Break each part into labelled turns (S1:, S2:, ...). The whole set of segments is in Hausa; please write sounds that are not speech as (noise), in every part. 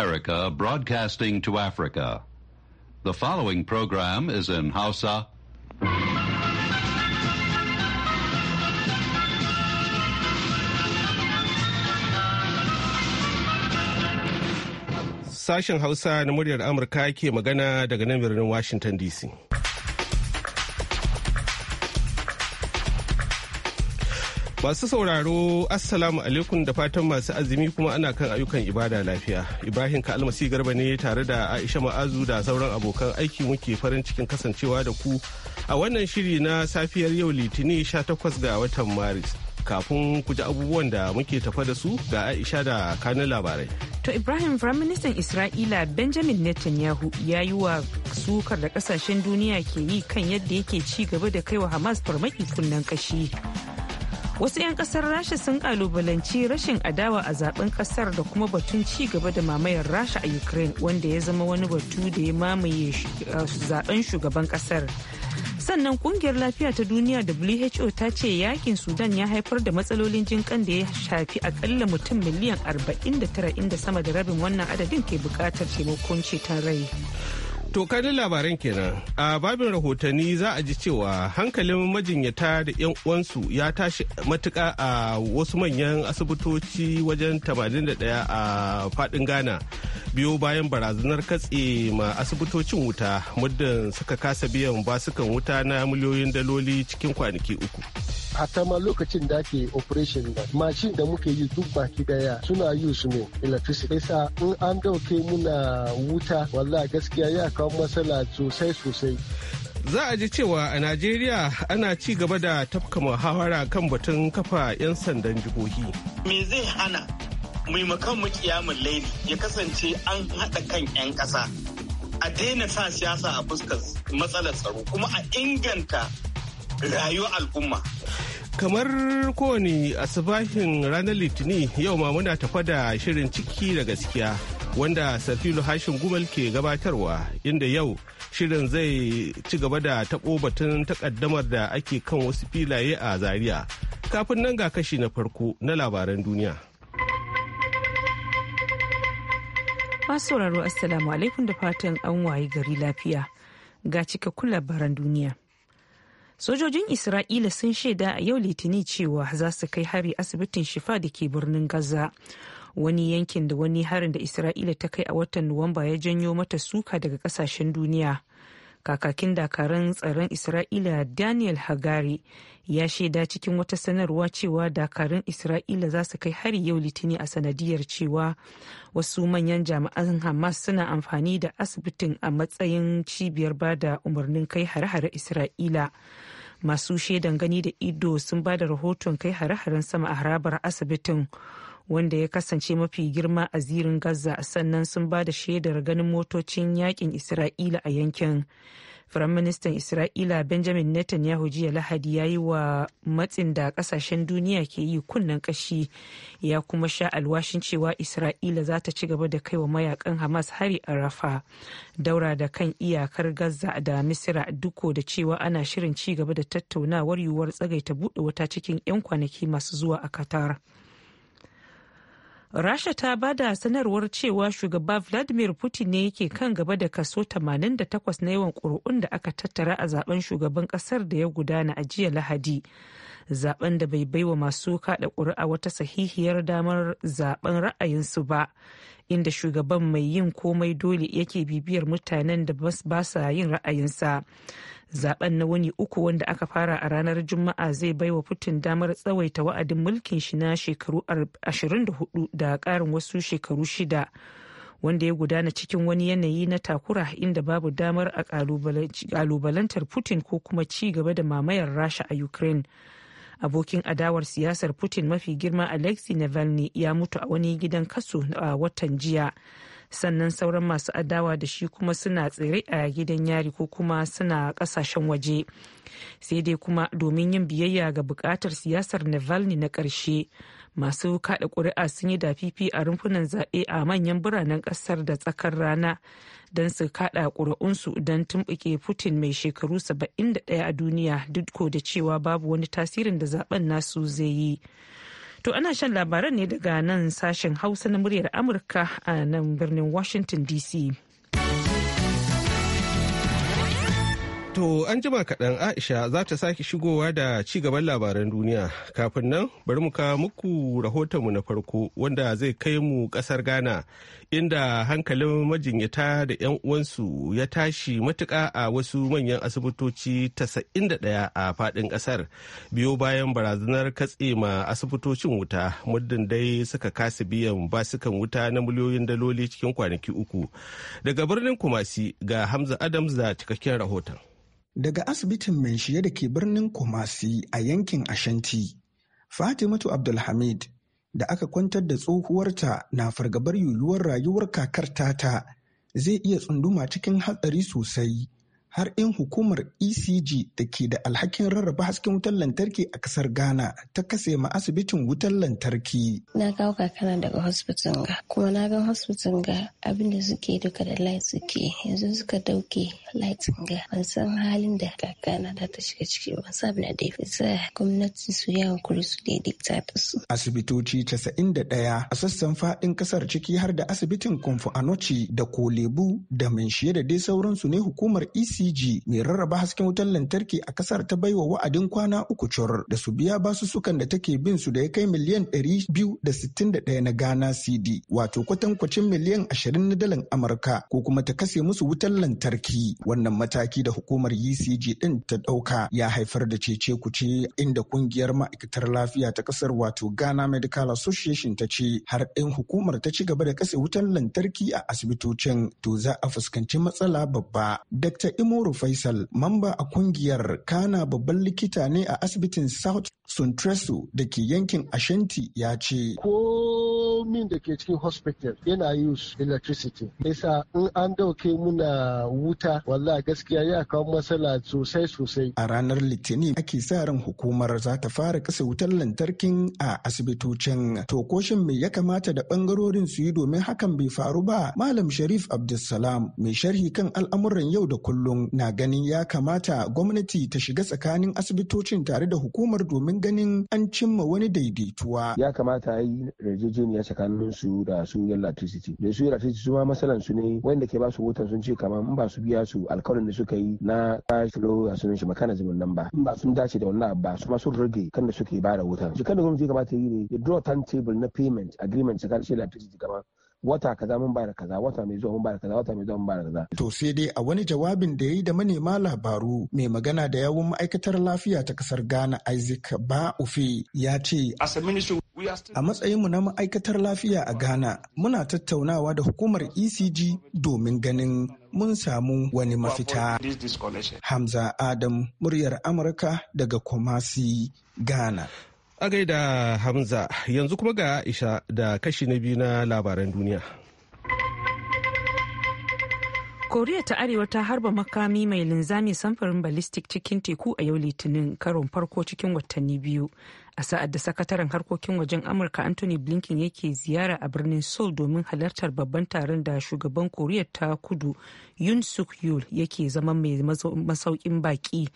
S1: America broadcasting to Africa. The following program is in Hausa.
S2: Sashen Hausa na muryar Amurka ke magana daga nan birnin Washington DC. Masu sauraro, Assalamu alaikum da fatan masu azumi kuma ana kan ayyukan ibada lafiya. Ibrahim ka almasi Garba ne tare da Aisha Ma'azu da sauran abokan aiki muke farin cikin kasancewa da ku a wannan shiri na safiyar yau Litinin 18 ga watan Maris. Kafin ku ji abubuwan da muke tafa da su ga Aisha da kanun labarai.
S3: To Ibrahim Firaministan Isra'ila Benjamin Netanyahu ya yi wa sukar da kasashen duniya ke yi kan yadda yake ci gaba da kai wa Hamas farmaki kunnen kashi. wasu 'yan kasar rasha sun kalubalanci rashin adawa a zaben kasar da kuma batun ci gaba da mamayar rasha a ukraine wanda ya zama wani batu da ya mamaye uh, zaben shugaban kasar sannan kungiyar lafiya ta duniya who ta ce yakin sudan ya haifar da matsalolin jinkan da ya shafi akalla mutum miliyan 49 inda sama da rabin wannan adadin ke bukatar taimakon ceton rai
S2: To kanin labaran kenan a babin rahotanni za a ji cewa hankalin majinyata da 'yan uwansu ya tashi matuka a wasu manyan asibitoci wajen 81 a fadin Ghana biyo bayan barazanar katse ma asibitocin wuta muddin suka kasa biyan basukan wuta na miliyoyin daloli cikin kwanaki uku. a ma lokacin da ake operation na
S4: mashin da muke yi duk baki daya suna yi ne electricity sa in an dauke muna wuta wallahi gaskiya ya kawo matsala sosai sosai
S2: za a ji cewa a najeriya ana ci gaba da tafka muhawara kan batun kafa 'yan sandan jihohi
S5: me zai
S6: hana maimakon mu kiyamun laili ya kasance an haɗa kan 'yan ƙasa a daina sa siyasa a fuskar matsalar tsaro kuma a inganta rayuwar al'umma
S2: kamar kowane asibahin ranar litinin yau ma muna tafa da shirin ciki da gaskiya wanda safilu hashin gumal ke gabatarwa inda yau shirin zai ci gaba da taɓo batun takaddamar da ake kan wasu filaye a zaria kafin nan ga kashi na farko na labaran duniya
S3: masu sauraro assalamu alaikum da fatan an waye gari lafiya ga cikakkun labaran duniya sojojin isra'ila sun shaida a yau litinin cewa za su kai hari asibitin shifa da ke birnin gaza wani yankin da wani harin da isra'ila ta kai a watan nuwamba ya janyo mata suka daga kasashen duniya kakakin dakarun tsaron isra'ila daniel hagari ya shaida cikin wata sanarwa cewa dakarun isra'ila za su kai hari yau litini a sanadiyar cewa wasu manyan jami'an hamas suna amfani da asibitin a matsayin cibiyar bada umarnin kai hare-hare isra'ila masu shaidan gani da ido sun ba da rahoton kai hare-haren sama a harabar asibitin wanda ya kasance mafi girma a zirin gaza sannan sun ba da shaidar ganin motocin yakin isra'ila a yankin firaministan isra'ila benjamin netanyahu jiya lahadi ya yi wa matsin da kasashen duniya ke yi kunnen kashi ya kuma sha alwashin cewa isra'ila za ta ci gaba da kai wa mayakan hamas hari a rafa daura da kan iyakar gaza da misira duko da cewa ana shirin ci gaba da tattaunawar yiwuwar tsagaita buɗe wata cikin 'yan kwanaki masu zuwa a qatar rasha ta ba da sanarwar cewa shugaba vladimir putin ne yake kan gaba da kaso 88 na yawan ƙuri'un da aka tattara a zaben shugaban ƙasar da ya gudana a jiya lahadi zaben da bai baiwa masu kaɗa ƙuri'a wata sahihiyar damar zaben ra'ayinsu ba inda shugaban mai yin komai dole yake bibiyar mutanen da ba sa yin ra'ayinsa zaben na wani uku wanda aka fara a ranar juma'a zai bai wa putin damar tsawaita wa'adin mulkin shi na shekaru 24 da karin wasu shekaru shida wanda ya gudana cikin wani yanayi na takura inda babu damar a kalubalantar putin ko kuma ci gaba da mamayar rasha a ukraine abokin adawar siyasar putin mafi girma alexei navalny ya mutu a wani gidan kaso a watan jiya sannan sauran masu adawa da shi kuma suna tsere a gidan yari ko kuma suna kasashen waje sai dai kuma domin yin biyayya ga bukatar siyasar navalny na ƙarshe masu kada ƙuri'a sun yi dafifi a rumfunan zaɓe a manyan biranen ƙasar da tsakar rana don su kada ƙuri'unsu don tumbuke putin mai shekaru 71 a duniya duk da cewa babu wani tasirin da zaben nasu zai yi To ana shan labaran ne daga nan sashen Hausa na muryar Amurka a nan birnin Washington DC.
S2: To an jima kaɗan Aisha za ta sake shigowa da ci gaban labaran duniya. Kafin nan bari mu kawo muku rahotonmu na farko wanda zai kai mu ƙasar Ghana inda hankalin majinyata da 'yan uwansu ya tashi matuka a wasu manyan asibitoci 91 a faɗin ƙasar biyo bayan barazanar katse ma asibitocin wuta muddin dai suka kasa biyan basukan wuta na miliyoyin daloli cikin kwanaki uku. Daga birnin Kumasi ga Hamza Adams da cikakken rahoton.
S4: daga asibitin Manshiya da ke birnin Kumasi a yankin Ashanti. Fatimatu Abdulhamid da aka kwantar da tsohuwarta na fargabar yuluwar rayuwar kakar tata zai iya tsunduma cikin hatsari sosai har in hukumar ecg da ke da alhakin rarraba hasken wutar lantarki a kasar ghana ta kase ma asibitin wutar lantarki
S5: na kawo kakana daga hospital ga kuma na ga hospital ga abinda suke duka da light suke yanzu suka dauke light ga ban san halin da kakana da ta shiga ciki ban san
S3: abin da ya sa gwamnati su yi hankuri su daidaita da su
S4: asibitoci 91 a sassan fadin kasar ciki har da asibitin kumfu anoci da kolebu da minshiye da dai sauransu ne hukumar ecg CG mai rarraba hasken wutar lantarki a kasar ta baiwa wa'adin kwana uku cur da su biya sukan da take bin su da ya kai miliyan 261 na ghana cd wato kwatankwacin miliyan 20 na dalan amurka ko kuma ta kase musu wutar lantarki wannan mataki da hukumar ecg din ta dauka ya haifar da cece kuce inda kungiyar ma'aikatar lafiya ta kasar wato ghana medical association ta ce har ɗin hukumar ta ci gaba da kase wutar lantarki a asibitocin to za a fuskanci matsala babba dr Moro Faisal, mamba a kungiyar Kana babban likita ne a asibitin South Suntresu da ke yankin Ashanti ya ce. Ko komin da ke cikin hospital yana use electricity yasa in an dauke muna wuta walla gaskiya ya kawo matsala sosai sosai a ranar litinin ake sa ran hukumar za ta fara kasa wutar lantarkin a asibitocin to koshin me ya kamata da bangarorin su yi domin hakan bai faru ba malam sharif abdulsalam mai sharhi kan al'amuran yau da kullum na ganin ya kamata gwamnati ta shiga tsakanin asibitocin tare da hukumar domin ganin an cimma wani daidaituwa ya kamata yi yarjejeniya
S6: tsakanin su da su yan electricity da su electricity su ma masalan su ne wanda ke ba su wutan sun ce kamar in ba su biya su alkawarin da suka yi na cash flow a sunan shi mechanism nan ba in ba sun dace da wannan ba su ma sun rage kan da suke ba da wutan shi kan da gwamnati kamata yi ne ya draw timetable na payment agreement tsakanin electricity kamar wata kaza mun bayar kaza wata mai zuwa mun bayar kaza wata mai zuwa mun bayar kaza
S4: to sai dai a wani jawabin da ya yi da manema labaru mai magana da yawun ma'aikatar lafiya ta kasar Ghana Isaac Ba Ufe ya ce a matsayinmu na ma'aikatar lafiya a Ghana muna tattaunawa da hukumar ECG domin ganin mun samu wani mafita. Hamza Adam muryar Amurka daga Kumasi, Ghana.
S2: A gaida Hamza yanzu kuma ga Aisha da kashi na biyu na labaran duniya.
S3: koriya ta arewa ta harba makami mai linzami samfurin ballistic cikin teku a yau litinin karon farko cikin watanni biyu a sa'ad da sakataren harkokin wajen amurka anthony blinken yake ziyara a birnin seoul domin halartar babban taron da shugaban koriya ta kudu yun suk yul yake zama mai masaukin baki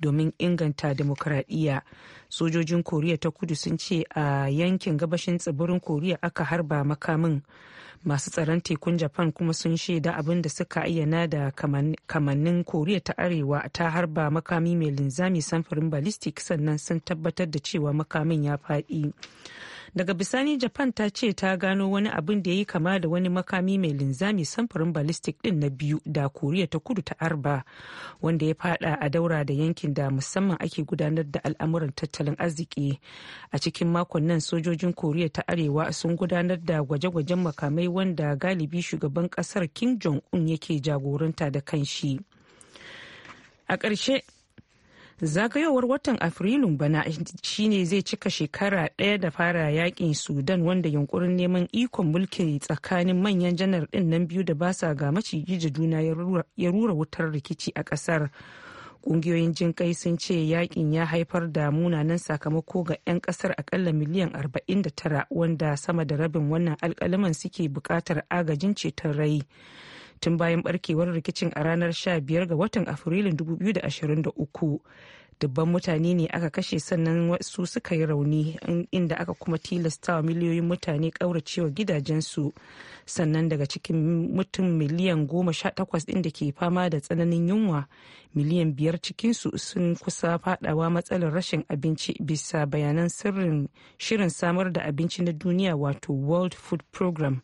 S3: domin inganta demokradiyya sojojin koriya ta kudu sun ce a yankin gabashin tsibirin koriya aka harba makamin masu tsaron tekun japan kuma sun shaida abin da suka ayyana da kamannin koriya ta arewa ta harba makami mai linzami samfurin ballistic sannan sun tabbatar da cewa makamin ya faɗi daga bisani japan ta ce ta gano wani abin da ya yi kama da wani makami mai linzami samfurin ballistic din na biyu da koriya ta kudu ta arba wanda ya fada a daura da yankin da musamman ake gudanar da al'amuran tattalin arziki a cikin makon nan sojojin koriya ta arewa sun gudanar da gwaje-gwajen makamai wanda galibi shugaban kasar kim jong-un yake jagoranta da kanshi a ƙarshe zagayowar watan afrilun bana shine zai cika shekara ɗaya da fara yakin sudan wanda yunkurin neman ikon mulki tsakanin manyan janar ɗin nan biyu da ba sa ga maciji da juna ya rura wutar rikici a ƙasar ƙungiyoyin jin kai sun ce yakin ya haifar da munanan sakamako ga 'yan kasar akalla miliyan 49 wanda sama da rabin wannan alkalaman suke bukatar agajin ceton rai tun bayan barkewar rikicin a ranar 15 ga watan afrilun 2023 dubban mutane ne aka kashe sannan wasu suka yi rauni inda aka kuma tilastawa miliyoyin mutane kauracewa gidajensu sannan daga cikin mutum miliyan goma sha takwas ɗin ke fama da tsananin yunwa miliyan biyar cikinsu sun kusa fadawa matsalar rashin abinci bisa bayanan sirrin shirin samar da abinci na duniya wato world food program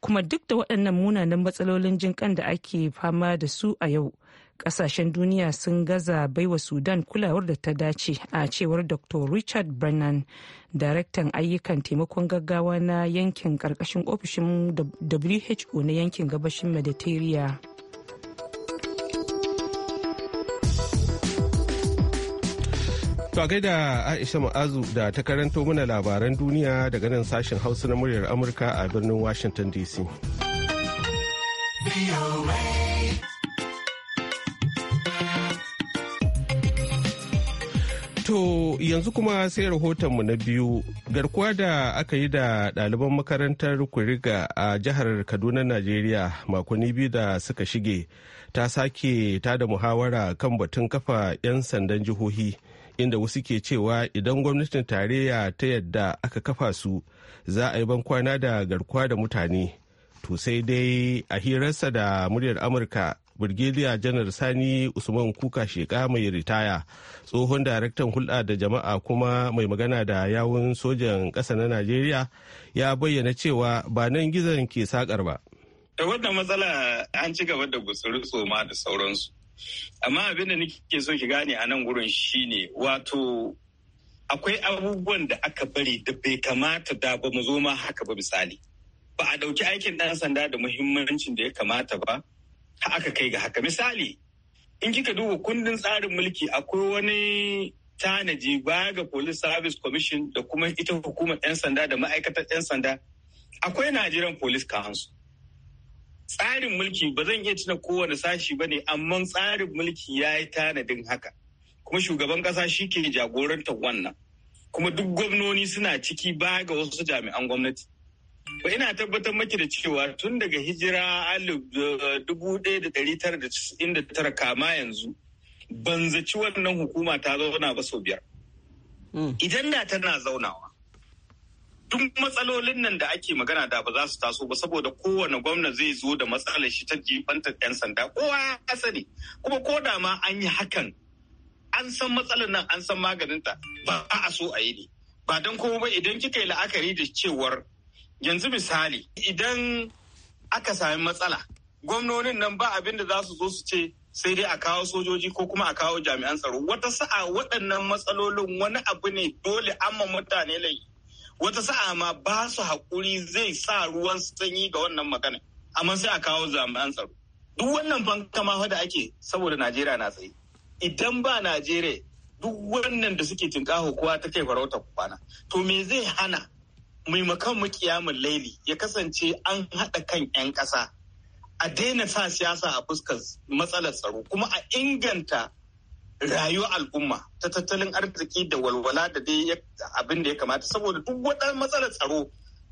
S3: kuma duk da waɗannan munanan matsalolin jin kan da ake fama da su a yau ƙasashen duniya sun gaza baiwa sudan kulawar da ta dace a cewar dr richard brennan daraktan ayyukan taimakon gaggawa na yankin ƙarƙashin ofishin who na yankin gabashin mediteria
S2: To da Aisha Ma'azu da ta karanto mana labaran duniya daga nan sashen Hausa na muryar Amurka a birnin Washington DC. To yanzu kuma sai rahotonmu na biyu garkuwa da aka yi da ɗaliban makarantar kuriga a jihar Kaduna, Najeriya makonni biyu da suka shige ta sake ta da muhawara kan batun kafa 'yan sandan jihohi. inda wasu ke cewa idan gwamnatin tarayya ta yadda aka kafa su za a yi bankwana da garkuwa da mutane to sai dai a hirarsa da muryar amurka Birgiliya janar Sani Usman Kuka Sheka mai ritaya, tsohon daraktan hulɗa da jama'a kuma mai magana da yawun sojan ƙasa na Najeriya ya bayyana cewa ba nan gizon ke sakar ba.
S6: Da wannan matsala an ci gaba da gutsuri tsoma da sauransu. amma abin da nake so ki gane a nan gurin shine wato akwai abubuwan da aka bari da bai kamata da ba mu zo ma haka ba misali ba a ɗauki aikin ɗan sanda da muhimmancin da ya kamata ba ha aka kai ga haka misali in kika duba kundin tsarin mulki akwai wani tanaji baya ga police service commission da kuma ita hukumar 'yan sanda da ma'aikatar 'yan sanda akwai nigerian police council tsarin mulki ba zan iya tuna kowane sashi ba ne amma tsarin mulki ya yi tanadin haka kuma shugaban kasa shi ke jagorantar wannan kuma duk gwamnoni suna ciki ba ga wasu jami'an gwamnati ba ina tabbatar maki da cewa tun daga hijira alif eh, tara kama yanzu ban zaci wannan hukuma ta zauna ba sau biyar hmm. idan da tana zaunawa duk matsalolin nan da ake magana da ba za su taso ba saboda kowane gwamna zai zo da matsalar shi ta jibantar 'yan sanda kowa ya sani kuma ko da ma an yi hakan an san matsalar nan an san maganinta ba a so a yi ne ba don kuma ba idan kika yi la'akari da cewar yanzu misali idan aka sami matsala gwamnonin nan ba abin da za su zo su ce sai dai a kawo sojoji ko kuma a kawo jami'an tsaro wata sa'a waɗannan matsalolin wani abu ne dole amma mutane lai wata sa'a ma ba su haƙuri zai sa ruwan sanyi ga wannan magana amma sai a kawo jami'an tsaro duk wannan fankama da ake saboda najeriya na tsaye idan ba najeriya duk wannan da suke tinkaho kowa ta kai farauta kwana to me zai hana maimakon mu kiyamun laili ya kasance an haɗa kan 'yan ƙasa a daina sa siyasa a fuskar matsalar tsaro kuma a inganta rayuwar al'umma ta tattalin arziki da walwala da dai abin da ya kamata saboda duk wata matsalar tsaro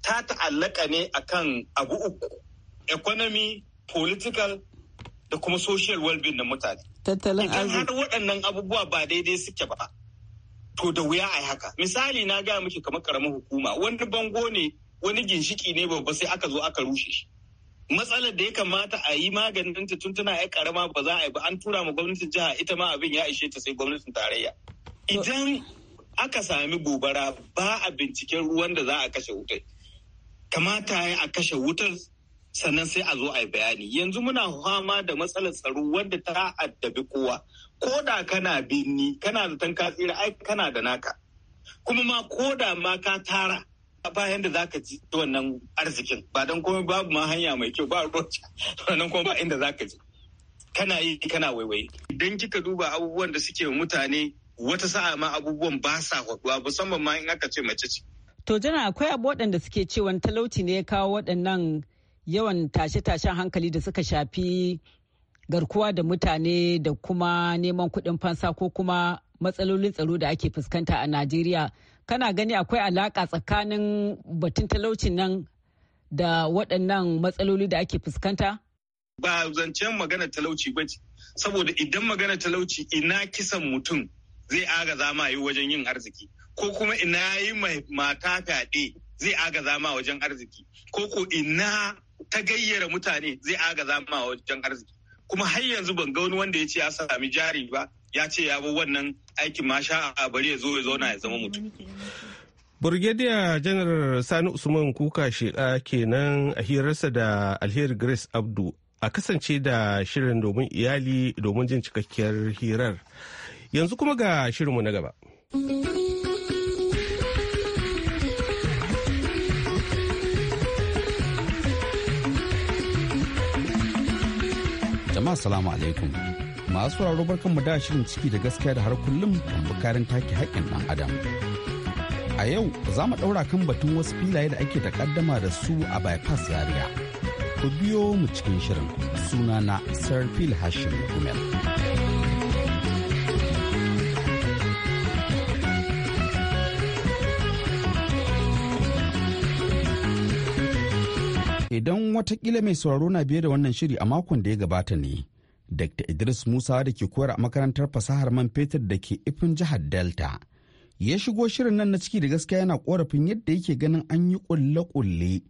S6: ta ta'allaka ne akan abu uku economy political da kuma social well-being na mutane
S3: tattalin arziki idan
S6: waɗannan abubuwa ba daidai suke ba to da wuya a haka misali na gaya miki kamar karamin hukuma wani bango ne wani ginshiki ne babba sai aka zo aka rushe shi matsalar da ya kamata a yi maganin ta tun tana yar karama ba za a yi ba an tura ma gwamnatin jiha ita ma abin ya ishe ta sai gwamnatin tarayya idan aka sami gobara ba a binciken ruwan da za a kashe wutar kamata ya a kashe wutar sannan sai a zo a yi bayani yanzu muna fama da matsalar tsaro wanda ta addabi kowa ko da kana binni kana zaton ka tsira ai kana da naka kuma ma ko da ma ka tara bayan da zaka ji wannan arzikin ba don komai babu ma hanya mai kyau ba roci (laughs) wannan kuma ba inda zaka ji kana yi kana waiwai. idan kika duba abubuwan da suke mutane wata sa'a ma abubuwan ba sa haɗuwa musamman ma in aka ce mace ce
S4: to jana akwai abu waɗanda suke cewa talauci ne ya kawo waɗannan yawan tashe-tashen hankali da suka shafi garkuwa da mutane da kuma neman kuɗin fansa ko kuma matsalolin tsaro da ake fuskanta a Najeriya. kana gani akwai alaka tsakanin batun talaucin nan da waɗannan matsaloli da ake fuskanta?
S6: Ba zancen magana talauci ba saboda idan magana talauci ina kisan mutum zai agaza zama yi wajen yin arziki ko kuma ina yi mata fyaɗe zai agaza ma wajen arziki ko ko ina ta gayyara mutane zai agaza ma wajen arziki kuma har yanzu ban ga wani wanda ya ce ya sami jari ba ya ce ya bi wannan aikin ma sha a bari ya zo ya zauna ya zama mutum.
S2: Burgediya janar Sani Usman kuka sheda kenan a hirarsa da Alheri Grace Abdu a kasance da shirin domin iyali domin jin cikakkiyar hirar. Yanzu kuma ga shirinmu na gaba.
S7: Jama'a salamu alaikum. masu sauraro barkan mu da shirin ciki da gaskiya da har kullum kan bukarin take haƙƙin ɗan adam a yau za mu ɗaura kan batun wasu filaye da ake takaddama da su a bypass zaria ku biyo mu cikin shirin suna na sir sarfil hashim gumel idan watakila mai sauraro na biye da wannan shiri a makon da ya gabata ne Dr. Idris Musa da ke koyar a makarantar fasahar man fetur da ke ifin jihar Delta. Ya shigo shirin nan na ciki da gaskiya yana korafin yadda yake ganin an yi kulle-kulle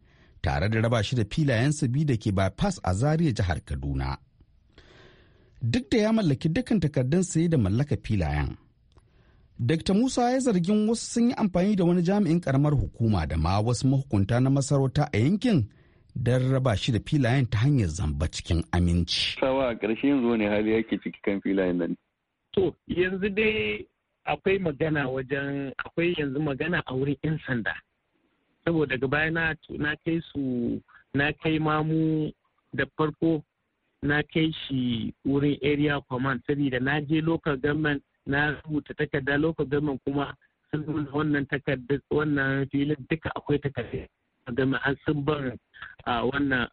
S7: tare da raba shi da filayen sabi da ke bypass a Zariya jihar Kaduna. Duk da ya mallaki dukkan takardun saye da mallaka filayen. Dr. Musa ya zargin wasu sun yi amfani da wani jami'in karamar hukuma da ma wasu mahukunta na masarauta a yankin don raba shi da filayen ta hanyar zamba cikin aminci.
S1: Sawa a ƙarshe yanzu wani hali yake ciki kan filayen nan.
S5: To yanzu dai akwai magana wajen akwai yanzu magana a wurin 'yan sanda. Saboda gaba na na kai su na kai mamu da farko na kai shi wurin area command saboda na je local government na rubuta takarda local government kuma sun wannan takarda wannan filin duka akwai takarda. game an sun bar wannan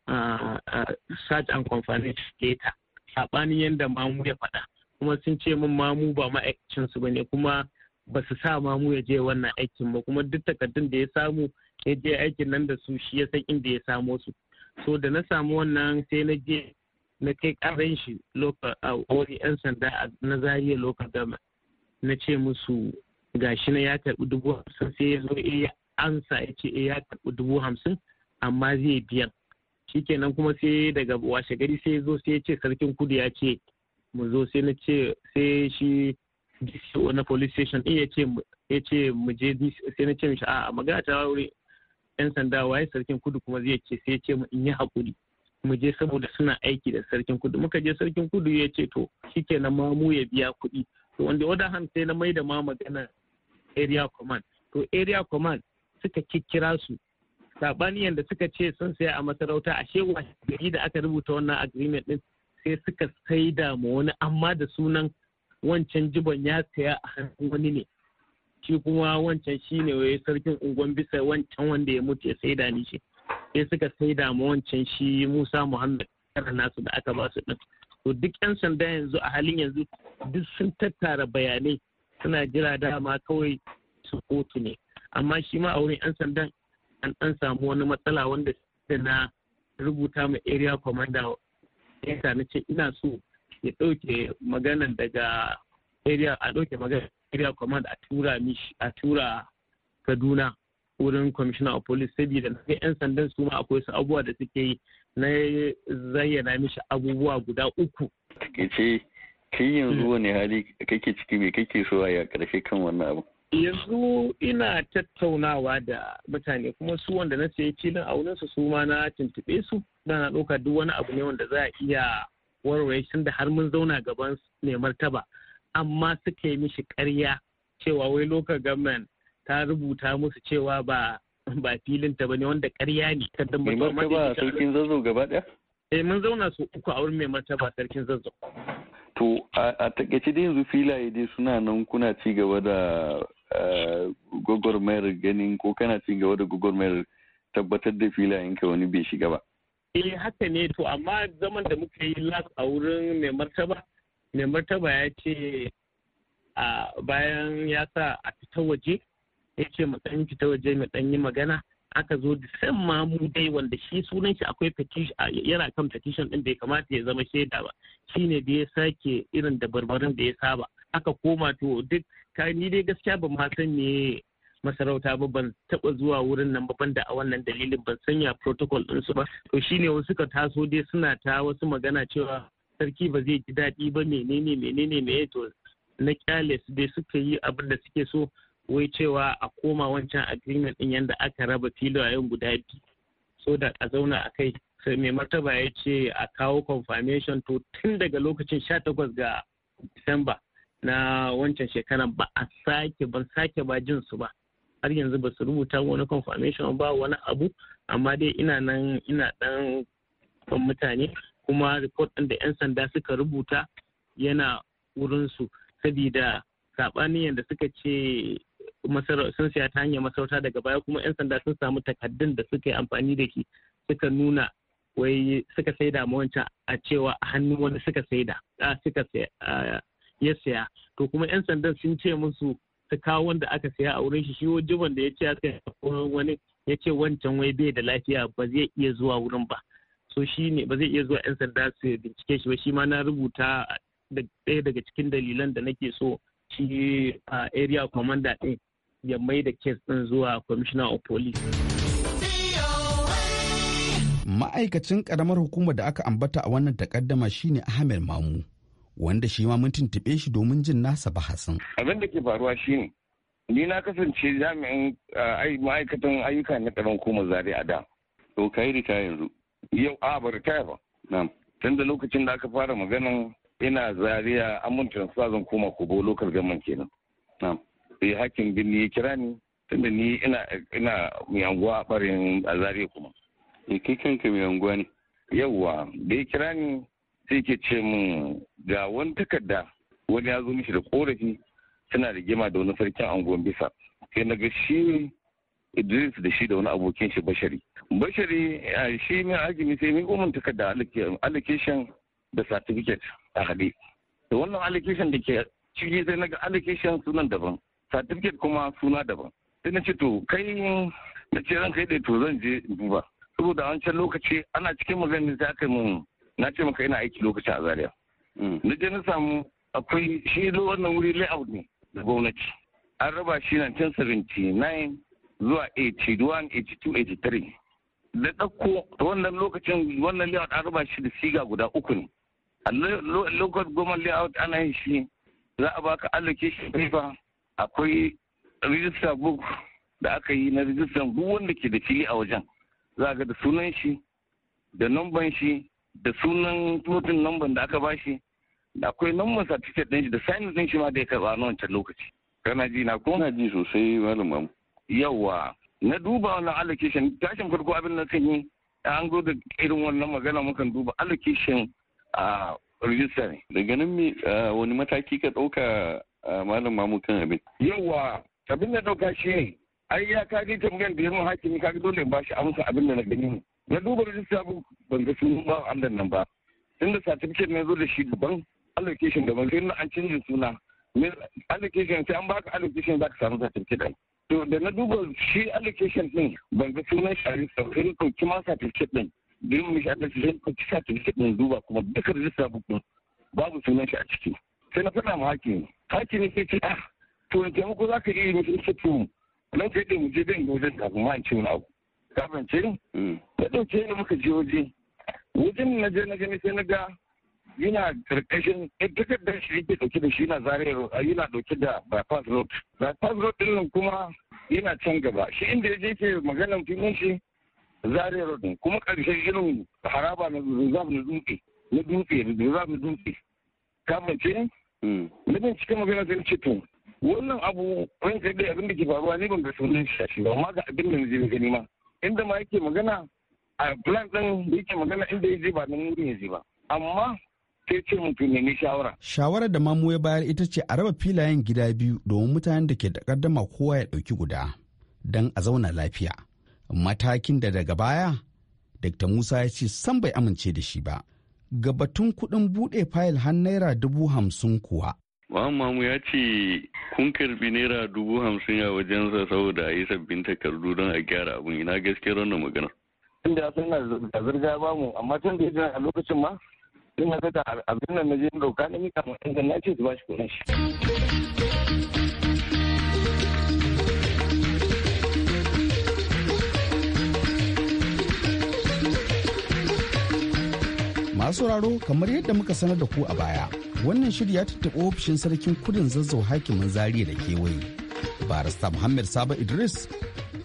S5: search and confirmation data saɓanin yadda mamu ya faɗa kuma sun ce min mamu ba ma'aikacin ba ne kuma ba su sa mamu ya je wannan aikin ba kuma duk takardun da ya samu ya je aikin nan da su shi ya san inda ya samo su so da na samu wannan sai na je na kai karan shi a wani yan sanda na zariya lokacin gama na ce musu gashi na ya karbi dubu hamsin sai ya zo iya eh, ansa ya ce eh, ya karɓi dubu hamsin amma zai biyan shikenan kuma sai daga washe gari sai zo sai ya ce sarkin kudu ya ce mu zo sai na ce sai shi DCO na police station in ya ce mu je sai na ce mishi a magana ta wuri yan sanda waye sarkin kudu kuma zai ce sai ya ce mu in yi hakuri mu je saboda suna aiki da sarkin kudu muka je sarkin kudu ya ce to shikenan ma mu ya biya kuɗi to wanda wadda hand sai na mai da ma magana area command to area command suka kikkira su sabaniyan da suka ce sun saya a masarauta a shewa gari da aka rubuta wannan agreement din sai suka sai da mu wani amma da sunan wancan jiban ya saya a hannun wani ne shi kuma wancan shi ne wai sarkin ungon bisa wancan wanda ya mutu ya sai da ni shi sai suka sai da mu wancan shi musa muhammad kara nasu da aka ba su din to duk yan sanda yanzu a halin yanzu duk sun tattara bayanai suna jira dama kawai su kotu ne amma shi ma a wurin 'yan sandan an dan samu wani matsala wanda da na rubuta ma area commander yasa na ce ina so ya ɗauke maganan daga area a ɗauke maganan area commander a tura mishi a tura kaduna wurin commissioner of police saboda na ga 'yan sandan su ma akwai su abubuwa da suke yi na zayyana mishi abubuwa guda uku
S1: kai yanzu hmm. wani hali kake ciki me kake so a karshe kan wannan abu
S5: yanzu ina tattaunawa da mutane kuma su wanda na sayi filin a su ma na tuntuɓe su da na ɗauka duk wani abu ne wanda za a iya warware shi da har mun zauna gaban ne martaba amma suka yi mishi ƙarya cewa wai local government ta rubuta musu cewa ba ba filin ta bane wanda ƙarya ne kan mai martaba sarkin zazzau gaba ɗaya eh mun zauna su uku a wurin mai martaba sarkin zazzau
S1: To a takaice da yanzu filaye dai suna nan kuna ci gaba da Eh, gwagwarmayar ganin ko kana cin gaba da gwagwarmayar tabbatar da filayenka wani bai shiga ba.
S5: Eh haka ne to amma zaman da muka yi las a wurin mai martaba mai martaba ya ce a bayan ya sa a fita waje ya ce mu fita waje mu ɗan yi magana aka zo da san mamu dai wanda shi sunan shi akwai petition. yana kan petition ɗin bai kamata ya zama shaida ba shine da ya sake irin da barbarin da ya saba aka koma to duk ni dai gaskiya ba ma san me masarauta ba ban taba zuwa wurin nan ban da a wannan dalilin ban sanya protocol din su ba to shine wasu suka taso dai suna ta wasu magana cewa sarki ba zai ji daɗi ba menene menene me to na kyale su dai suka yi abin da suke so wai cewa a koma wancan agreement din yadda aka raba filayen guda biyu so da a zauna a kai sai mai martaba ya ce a kawo confirmation to tun daga lokacin 18 ga Disamba na wancan shekaran ba a sake ban sake ba jin su ba har yanzu ba su rubuta wani confirmation ba wani abu amma dai ina nan ina dan kan mutane kuma report ɗin da 'yan sanda suka rubuta yana wurinsu sabida saɓanin yadda suka ce sun siya ta hanyar masarauta daga baya kuma 'yan sanda sun samu takaddun da suka yi amfani da ke suka nuna wai suka saida mawancan wancan a cewa a hannun wani suka saida suka ya saya to kuma 'yan sandan sun ce musu su kawo wanda aka saya a wurin shi shi wajiban da ya ce aka wani ya ce wancan wai bai da lafiya ba zai iya zuwa wurin ba so shi ne ba zai iya zuwa 'yan sanda su bincike shi ba shi ma na rubuta ɗaya daga cikin dalilan da nake so shi a area commander ɗin ya mai da kes ɗin zuwa commissioner of police
S7: ma'aikacin ƙaramar hukumar da aka ambata a wannan takaddama shine ahmed mamu wanda shi ma mun tuntuɓe shi domin jin nasa bahasin.
S8: Abin da ke faruwa shi ne. ni na kasance jami'in eh, ma'aikatan ayyuka na ƙaran koma zare a da. To ka yi rita yanzu. Yau a ba ritaya ba. Na'am. Tun da lokacin da aka fara magana ina zariya a mun transfer zan koma kobo lokal gaman kenan. Na'am. Sai eh, hakin birni ya kira ni tun da ni ina ina mai anguwa a ɓarin a zariya kuma. E kai kanka mai anguwa ne. Yawwa da ya kira ni sai ke ce min ga wani takarda wani ya zo mishi da korafi tana da gima da wani sarkin angon bisa sai na ga shi idris da shi da wani abokin shi bashari bashari shi mai hakimi sai mai umar takarda allocation da certificate a haɗe da wannan allocation da ke ciki sai na ga allocation sunan daban certificate kuma suna daban sai na ce to kai na ce ran kai da to zan je duba saboda a can lokaci ana cikin maganin sai aka mun na ce maka ina aiki lokaci a zaria mm. na je na samu akwai shi wannan wuri layout ne da gwamnati an raba shi 1979 zuwa 81 82 83 da ɗauko wannan lokacin wannan layout an raba shi da siga guda uku ne a lokacin goma layout ana yin shi za a baka shi ba. akwai register book da aka yi na rijistar duk wanda ke da fili a wajen za ga da sunan shi da numban shi da sunan protein number da aka bashi da akwai number certificate din shi da sign din shi ma da ya karba a wancan lokaci kana ji na ko na ji sosai malam yawa na duba wannan allocation tashin farko abin na kan yi an zo da irin wannan magana mukan duba allocation a
S1: register da ganin me wani mataki ka dauka malam mamu kan abin
S8: yawa abin da dauka shi ne ai ya kaji tambayar da yawan hakimi kaga dole ba shi amsa abin da na gani na duba rajista ban ga sunan ba an nan ba da certificate ne zo da shi daban allocation ban sai an canjin suna allocation sai an baka allocation za ka samu certificate to da na duba shi allocation din ban ga sunan shari'a sai ko kima certificate din din mu shi allocation ko certificate din duba kuma duka rajista book kun babu sunan shi a ciki sai na faɗa ma hakimi hakimi sai ce ah to taimako za ka iya mutum ce to nan sai dai mu je mu wajen da kuma an ce wani abu kafance hmm. ta ɗauke ni muka je waje wajen na je na gani sai na ga yana karkashin eh, da shi yake dauke da shi yana zariyar eh, yana dauke da bypass road bypass road ɗin nan kuma yana can gaba shi inda ya je ke maganan filin shi zare road kuma ƙarshe irin haraba na zuzab na dutse na dutse zuzab na dutse kamance hmm. na bin cikin magana sai ce to wannan abu wani kai dai abin da ke faruwa ne ban ga sunan shi ba amma ga abin da na je gani ma inda ma yake magana a plan ɗin da yake magana inda ya je ba nan wurin ya je ba amma sai ce mutum nemi shawara.
S7: Shawarar da mamu ya bayar ita ce a raba filayen gida biyu domin mutanen da ke da kaddama kowa ya ɗauki guda don a zauna lafiya. Matakin da daga baya, Dr. Musa ya ce san bai amince da shi ba. Gabatun kudin bude fayil har naira dubu hamsin kuwa
S1: Mamu ya ce kun karbi naira dubu hamsin a wajensa saboda a yi sabbin takardu don a gyara abun ina gaskiyar wannan maganar.
S8: inda sun na da zirga ba mu amma tun da a lokacin ma sun na saka abin nan na jin doka na mika inda na ce su ba shi kuɗin shi.
S7: Masu raro kamar yadda muka sanar da ku a baya. wannan shirya ya tattaɓa ofishin sarkin kudin zazzau hakimin zariya da kewaye barista muhammad sabo idris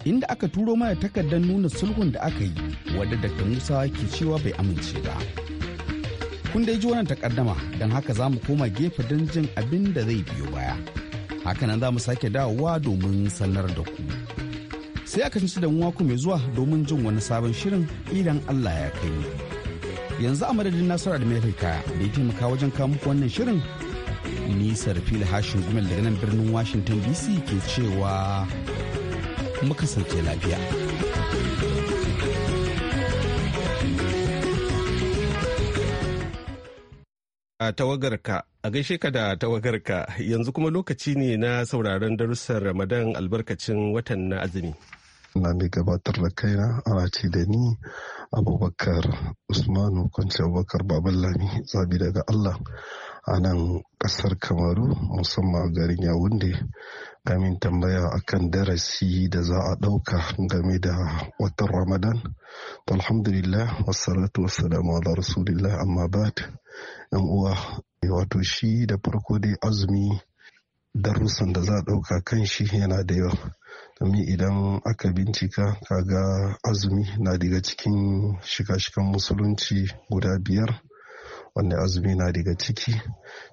S7: inda aka turo mana takardar nuna sulhun da aka yi wadda dr musa ke cewa bai amince ba kun dai ji wannan takaddama don haka za mu koma gefe don jin abin da zai biyo baya hakanan za mu sake dawowa domin sanar da ku sai aka ci da mu mai zuwa domin jin wani sabon shirin idan allah ya kai ni yanzu a madadin nasiru admirka da ya taimaka wajen kawo muku wannan shirin nisar fili hashin gumel daga nan birnin washington dc ke cewa muka sauke lafiya
S2: a tawagarka a gaishe ka da tawagarka yanzu kuma lokaci ne na sauraron darussan ramadan albarkacin watan na azumi
S9: na mai gabatar da kaina ana ce da ni abubakar usmanu kwanci abubakar Lami zabi daga allah a nan ƙasar kamaru musamman a garin yawunde gamin tambaya akan darasi da za a ɗauka game da watan ramadan alhamdulillah wassalatu wassalamu ala rasulillah amma ta yan uwa wato shi da farko dai azumi darussan da za a ɗauka kan shi yana da yawa domin idan aka bincika kaga azumi na daga cikin shika-shikan musulunci guda biyar wanda azumi na daga ciki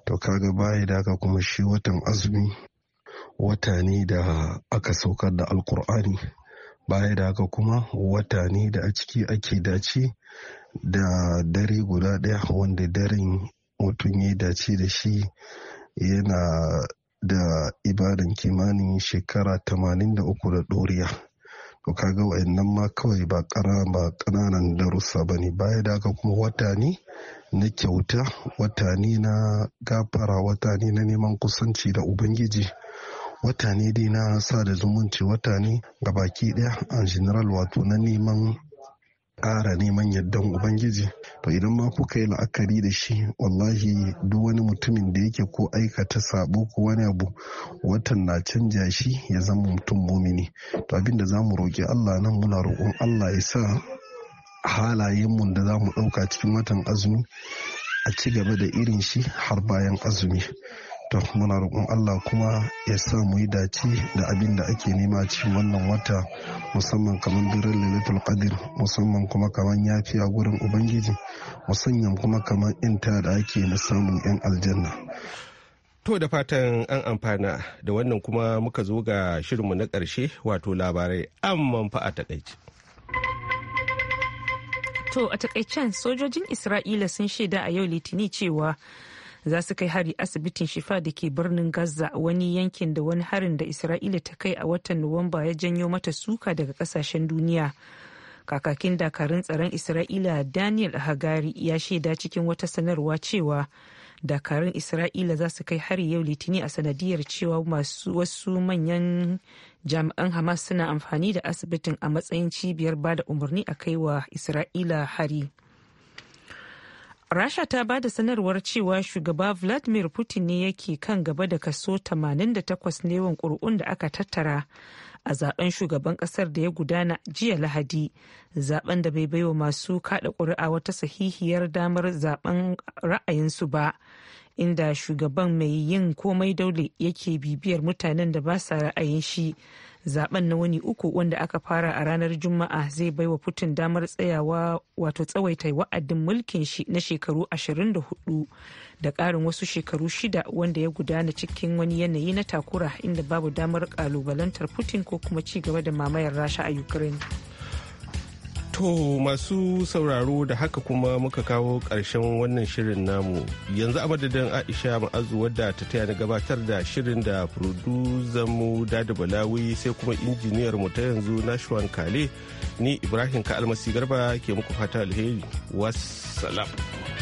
S9: to kaga baya da haka kuma shi watan azumi wata ne da aka saukar da alkur'ani baya da haka kuma wata ne da a ciki ake dace da dare guda daya wanda daren mutum ya dace da shi yana da ibadan kimanin shekara tamanin da uku da ɗoriya to kaga wa'annan ma kawai ba ba ƙananan darussa ba ne baya da haka kuma wata na kyauta wata ne na gafara wata na neman kusanci da ubangiji wata ne dai na da zumunci wata ne ga baki ɗaya a general wato na neman ƙara neman yardan ubangiji to idan ma kuka yi la'akari da shi wallahi duk wani mutumin da yake ko aikata sabo ko wani abu watan na canja shi ya zama mutum mumini to abinda za mu roƙi allah nan muna roƙon allah ya sa halayenmu da za mu ɗauka cikin watan azumi a ci gaba da irin shi har bayan azumi to muna roƙon Allah kuma ya sa mu yi dace da abin da ake nema cikin wannan wata musamman kamar durar lailatul qadir musamman kuma kamar yafiya gurin ubangiji musamman kuma kamar inta da ake na samun yan aljanna
S2: to da fatan an amfana da wannan kuma muka zo ga shirinmu na ƙarshe wato labarai amman fa a takaice
S3: to a takaicen sojojin isra'ila sun shaida a yau litini cewa za su kai hari asibitin shifa da ke birnin gaza wani yankin da wani harin da isra'ila ta kai a watan nuwamba ya janyo mata suka daga kasashen duniya kakakin dakarun tsaron isra'ila daniel hagari ya shaida cikin wata sanarwa cewa dakarun isra'ila za su kai hari yau litini a sanadiyar cewa masu wasu manyan jami'an hamas suna amfani da asibitin a matsayin cibiyar bada umarni a kai wa isra'ila hari. rasha ta ba da sanarwar cewa shugaba vladimir putin ne yake kan gaba da kaso 88 na yawan ƙuri'un da aka tattara a zaben shugaban kasar da ya gudana jiya lahadi zaben da bai baiwa masu kada ƙuri'a wata sahihiyar damar zaben ra'ayinsu ba inda shugaban mai yin komai daule yake bibiyar mutanen da ba sa ra'ayin shi zaben na wani uku wanda aka fara a ranar juma'a zai baiwa putin damar tsayawa wato tsawaita wa'adin mulkin shi na shekaru 24 da karin wasu shekaru shida wanda ya gudana cikin wani yanayi na takura inda babu damar kalubalantar putin ko kuma ci gaba da mamayar rasha a ukraine
S2: To masu sauraro da haka kuma muka kawo ƙarshen wannan shirin namu yanzu a madadin Aisha Ma'azu wadda ta taya na gabatar da shirin da mu da Balawi sai kuma injiniyar mu ta yanzu Nashwan Kale ni Ibrahim Ka'almasi Garba ke muku fata alheri wassalam.